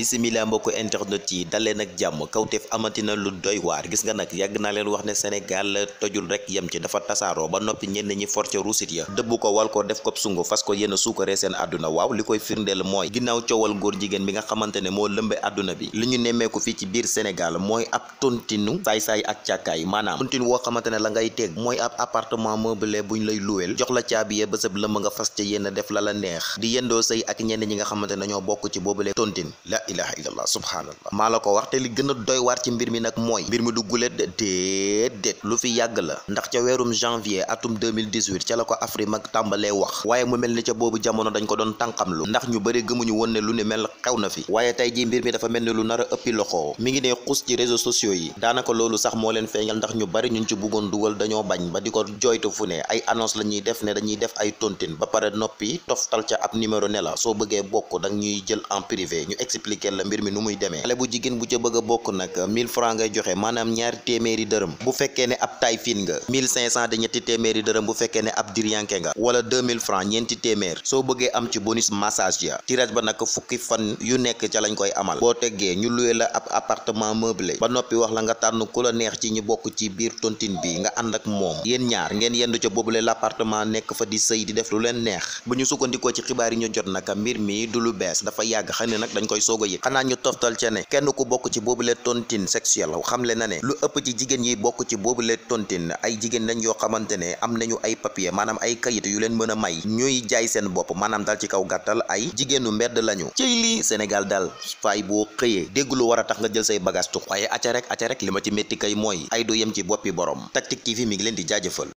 bisimila mbokku internet yi dal leen ak jàmm kawteef amatina lu doy gis nga nag yàgg naa leen wax ne Sénégal tojul rek yem ci dafa tasaaroo ba noppi ñenn ñi force ruusit ya dëbb ko wal ko def ko sungu fas ko yéen a suukaree seen àdduna waaw li koy firndeel mooy ginnaaw coowal góor jigéen bi nga xamante ne moo lëmbe àdduna bi li ñu nemmeeku fii ci biir Sénégal mooy ab tontinu saay-saay ak càkkaay maanaam tontinu woo xamante ne la ngay teg mooy ab appartement meublé buñ lay luweel la caabi yee nga fas ca yéen def la la neex di yendoo sëy ak ñenn ñi nga xamante ne ñoo bokk ci boobule tontine ilaha illallah subhanallah maa la ko wax te li gën a doy waar ci mbir mi nag mooy mbir mi du guléet déet déet lu fi yàgg la ndax ca weerum janvier atum ca la ko Afrimak tàmbalee wax waaye mu mel ni ca boobu jamono dañ ko doon tànqamlu ndax ñu bëri gëmuñu woon ne lu ni mel xew na fi waaye tey jii mbir mi dafa mel ni lu nar a ëppi loxo mi ngi ne xus ci réseaux sociaux yi daanaka loolu sax moo leen feeñal ndax ñu bari ñun ci bëggoon dugal dañoo bañ ba di ko joytu fu ticket la mbir mi nu muy demee xale bu jigéen bu ca bëgg a bokk nag 1000 francs ngay joxe maanaam ñaari téeméeri dërëm bu fekkee ne ab taay nga de ñetti téeméeri dërëm bu fekkee ne ab diryanke nga wala francs ñeenti téeméer soo bëggee am ci bonus massage ya tirage ba nag fukki fan yu nekk ca lañ koy amal boo teggee ñu luwe la ab appartement meublé ba noppi wax la nga tànn ku la neex ci ñu bokk ci biir tontine bi nga ànd ak moom yéen ñaar ngeen yi xanaa ñu toftal ca ne kenn ku bokk ci boobule tontine sexuelle xamle na ne lu ëpp ci jigéen yi bokk ci boobule tontine ay jigéen lañ yoo xamante ne am nañu ay papier maanaam ay kayit yu leen mën a may ñuy jaay seen bopp maanaam dal ci kaw gàttal ay jigéenu mbedd lañu cëy lii senegal daal faay boo xëyee dégg lu war a tax nga jël say bagage tux waaye acca rek acca rek li ma ci métti kay mooy ay du yem ci boppi borom Tactic TV mi ngi leen di jaajëfal